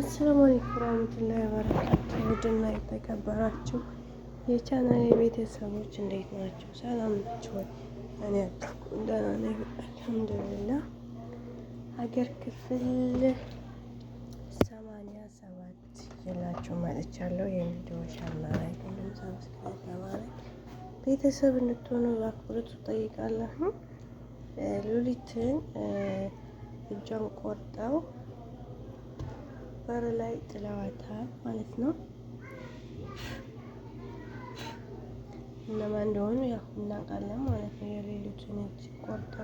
አሰላሙ አለይኩም ወራህመቱላሂ ወበረካቱህ። ውድና የተከበራችሁ የቻናል ቤተሰቦች እንዴት ናቸው? ሰላም ናቸው ወይ? እኔ ደህና ነኝ አልሐምዱሊላህ። ሀገር ክፍል ሰማንያ ሰባት ይዤላችሁ መጥቻለሁ። የሚዲዎሻና ላይ ሁሉም ሰብስክራይብ በማድረግ ቤተሰብ እንድትሆኑ በአክብሮት እጠይቃለሁ። ሉሊትን እጇን ቆርጠው በር ላይ ጥለዋታል ማለት ነው። እነማ እንደሆኑ ያው እናውቃለን ማለት ነው። የሌሎችን እጅ ቆርጣ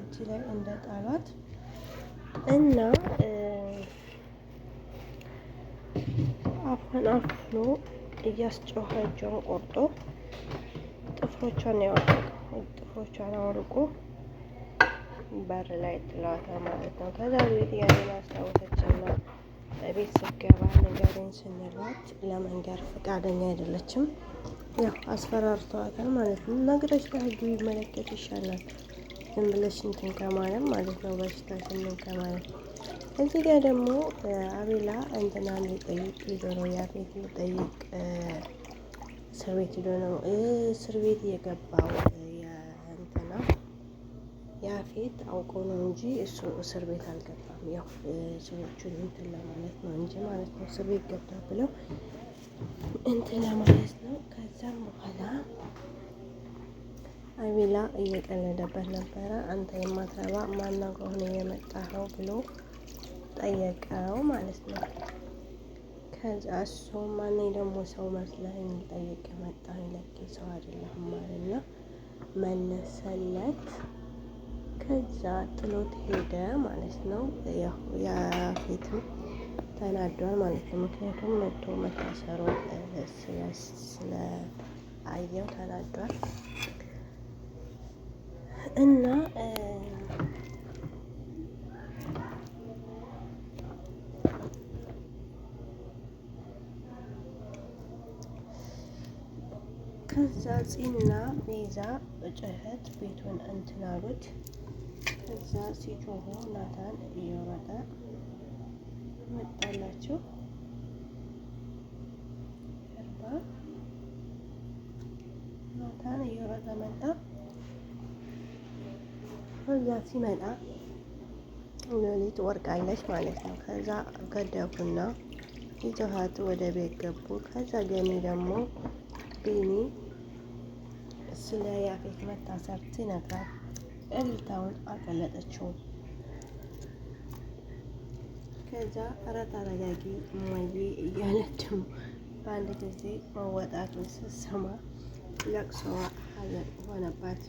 እጅ ላይ እንደ ጣሏት እና አፏን አፍኖ እያስጨዋች እጇን ቆርጦ ጥፍሮቿን ያወልቁ ጥፍሮቿን አውልቆ በር ላይ ጥለዋታል ማለት ነው። ከዛ ቤት ያንን አስታወሰችና ቤት ስገባ ነገሬን ስንላት ለመንገር ፈቃደኛ አይደለችም። ያው አስፈራርተዋታል ማለት ነው። ነገሮች ለህግ ቢመለከት ይሻላል ዝም ብለሽ እንትን ከማለም ማለት ነው። በሽታ ስምን ከማለም እዚህ ጋር ደግሞ አቤላ እንትናን ሊጠይቅ ሄዶ ነው፣ ያቤት ሊጠይቅ እስር ቤት ሄዶ ነው እስር ቤት የገባው ያፌት አውቆ ነው እንጂ እሱ እስር ቤት አልገባም። ያው ሰዎቹን እንትን ለማለት ነው እንጂ ማለት ነው እስር ቤት ገባ ብለው እንትን ለማለት ነው። ከዛም በኋላ አቤላ እየቀለደበት ነበረ። አንተ የማትረባ ማና ከሆነ የመጣኸው ብሎ ጠየቀው ማለት ነው። ከዛ እሱ ማን ደግሞ ሰው መስለኝ ጠየቅ መጣ ለኬ ሰው ማለት ነው መለሰለት። ከዛ ጥሎት ሄደ ማለት ነው። ያው ያፌትም ተናዷል ማለት ነው። ምክንያቱም መቶ መታሰሩ ስለአየው ተናዷል እና ከዛ ጺና ቤዛ በጩኸት ቤቱን እንትን አሉት። እዛ ሲጮሁ ናታን እየወረደ መጣላችሁ። እርባ ናታን እየወረደ መጣ። ከዛ ሲመጣ ሌሊት ወርቃለች ማለት ነው። ከዛ ገደቡና ይዘሃት ወደ ቤት ገቡ። ከዛ ገኒ ደግሞ ቢኒ ስለ ያፌት መታሰር ይነግራል። እልልታውን አቀለጠችው። ከዛ እረ ተረጋጊ እማዬ እያለችው በአንድ ጊዜ መወጣቱን ስትሰማ ለቅሶዋ ሀዘን ሆነባት።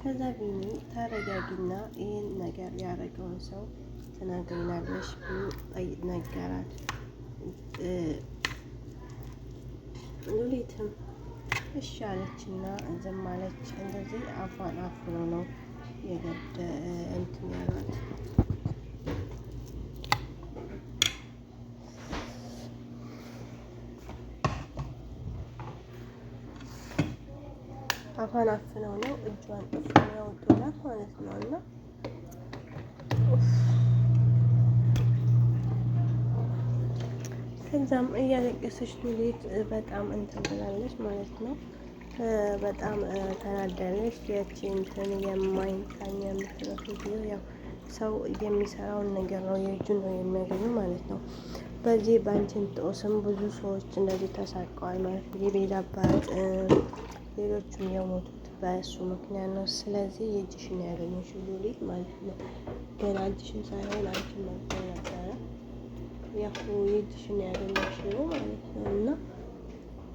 ከዛ ቢኒ ተረጋጊና ይህን ነገር ያደረገውን ሰው ትናገሪናለሽ ነገራት። ሉሊትም እሺ አለችና ዝም አለች። እንደዚህ አፏን አፍኖ ነው የገደ እንትን ያሏት። አፏን አፍነው ነው እጇን ጥፍ ያወጡላት ማለት ነው እና ከዛም እያለቀሰች ሉሊት በጣም እንትን ብላለች ማለት ነው። በጣም ተናደለች። ያቺ እንትን የማይታኝ የምትለው ጊዜ ያው ሰው የሚሰራውን ነገር ነው የእጁ ነው የሚያገኙ ማለት ነው። በዚህ በአንቺን ጦስም ብዙ ሰዎች እንደዚህ ተሳቀዋል ማለት ነው። የቤዛ አባት ሌሎቹም የሞቱት በእሱ ምክንያት ነው። ስለዚህ የእጅሽን ያገኘች ሉሊት ማለት ነው። ገና እጅሽን ሳይሆን አንቺን መጥቶ ነበር ያው የእጅሽን ያገኘሽው ማለት ነው እና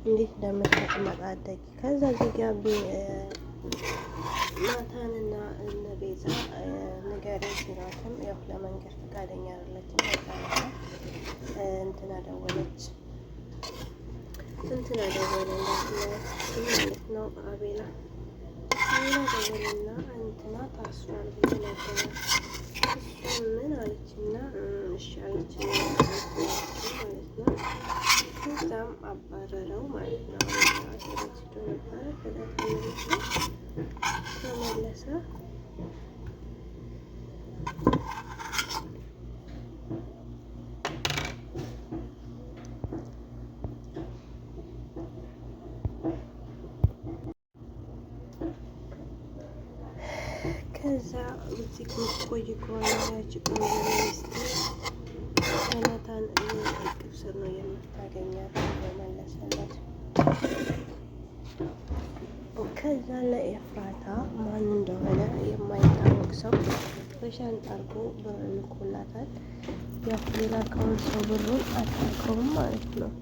እንዴት እንደምታመጣደቂ ከዛ ዜጋ ናታንና እነ ቤዛ ነገር ሲሏትም ያው ለመንገድ ፈቃደኛ አይደለችም። እንትና ደወለች እንትና ደወለች ማለት ነው አቤላ ሌላ ደወልና እንትና ታስሯል ብዬ ነበረ። እሱ ምን አለችና እሺ አለች ማለት ነው። ከዛም አባረረው ማለት ነው። ተመለሰ ከዛ እዚህ ቆይ ከሆነ ያቺ ቆንጆ ሚስት አይነታን እቅፍ ስር ነው የምታገኛት መለሰለት። ከዛ ለኤፍራታ ማን እንደሆነ የማይታወቅ ሰው በሻንጣ አርጎ ብር ልኮላታል። ያው የላከውን ሰው ብሩን አታውቀውም ማለት ነው።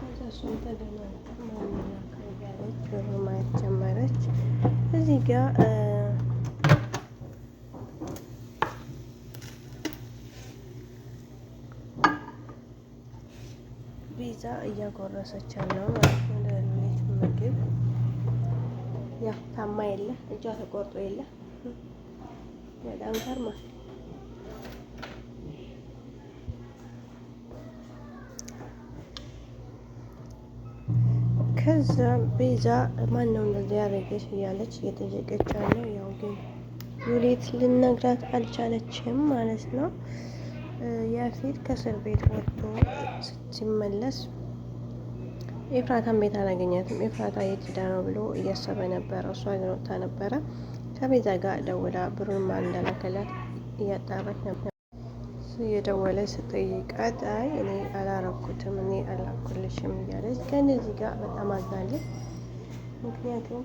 ከዛ እሱም ተገናኝታ ማን ላከው እያለች ብር ማየት ጀመረች። እዚህ ጋር ቪዛ እያጎረሰች ነው ማለት ነው። ለሌት ምግብ ያ ታማ የለ እጇ ተቆርጦ የለ በጣም ታርማል። ከዛም ቤዛ ማን ነው እንደዚህ ያደረገች እያለች እየጠየቀች ያለው ያው ግን ዩሌት ልነግራት አልቻለችም ማለት ነው። ያፌት ከእስር ቤት ወጥቶ ሲመለስ ኤፍራታን ቤት አላገኛትም። ኤፍራታ የት ሄዳ ነው ብሎ እያሰበ ነበረ። እሷ ግን ወጥታ ነበረ። ከቤዛ ጋር ደውላ ብሩን ማን እንደላከላት እያጣራች ነበር። የደወለች ስጠይቃት አይ እኔ አላረኩትም እኔ አላኩልሽም እያለች ከእነዚህ ጋር በጣም አዝናለች። ምክንያቱም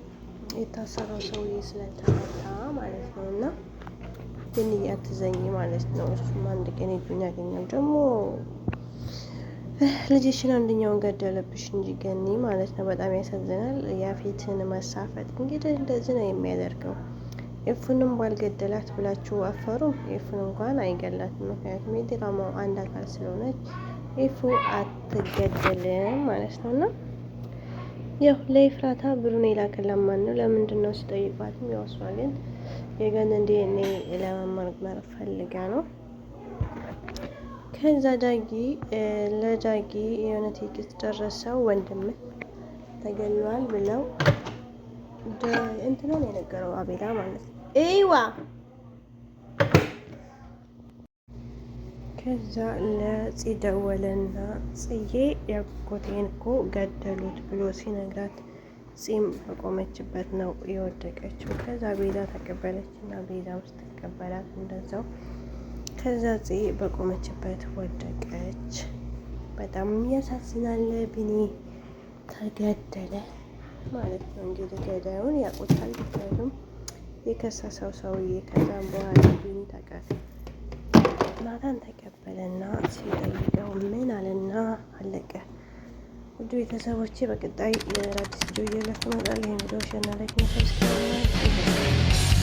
የታሰረው ሰውዬ ስለተመታ ማለት ነው እና ግን እያትዘኝ ማለት ነው። እሱም አንድ ቀን እጁን ያገኛል። ደግሞ ልጅሽን አንደኛውን ገደለብሽ እንጂ ገኒ ማለት ነው። በጣም ያሳዝናል። ያፌትን መሳፈጥ እንግዲህ እንደዚህ ነው የሚያደርገው። ኤፉንም ባልገደላት ብላችሁ አፈሩ። ኤፉን እንኳን አይገላት፣ ምክንያቱም የድራማው አንድ አካል ስለሆነች ኤፉ አትገደልም ማለት ነው እና ያው ለኤፍራታ ብሩን የላከላት ማን ነው ለምንድን ነው ሲጠይቋትም ያው እሷ ግን የገንዴ እኔ ለመመርመር ፈልጋ ነው ከዛ ዳጊ ለዳጊ የሆነ ቴክስት ደረሰው። ወንድም ተገሏል ብለው እንትናን የነገረው አቤላ ማለት ነው። እይዋ ከዛ ለጽ ደወለና ጽዬ ያጎቴን እኮ ገደሉት ብሎ ሲነግራት ጺም በቆመችበት ነው የወደቀችው። ከዛ ቤዛ ተቀበለች እና ቤዛ ውስጥ ተቀበላት እንደዛው። ከዛ ጽ በቆመችበት ወደቀች። በጣም ያሳዝናል። ቢኒ ተገደለ ማለት ነው እንግዲህ ገዳዩን ያውቁታል። ምክንያቱም የከሰሰው ሰውዬ ከዛም በኋላ ቢን ናታን ተቀበለና ሲጠይቀው ምን አለና አለቀ። ውድ ቤተሰቦቼ በቀጣይ የአዲስ ቪዲዮ መጣል ይህን ቪዲዮ ሸና ላይክ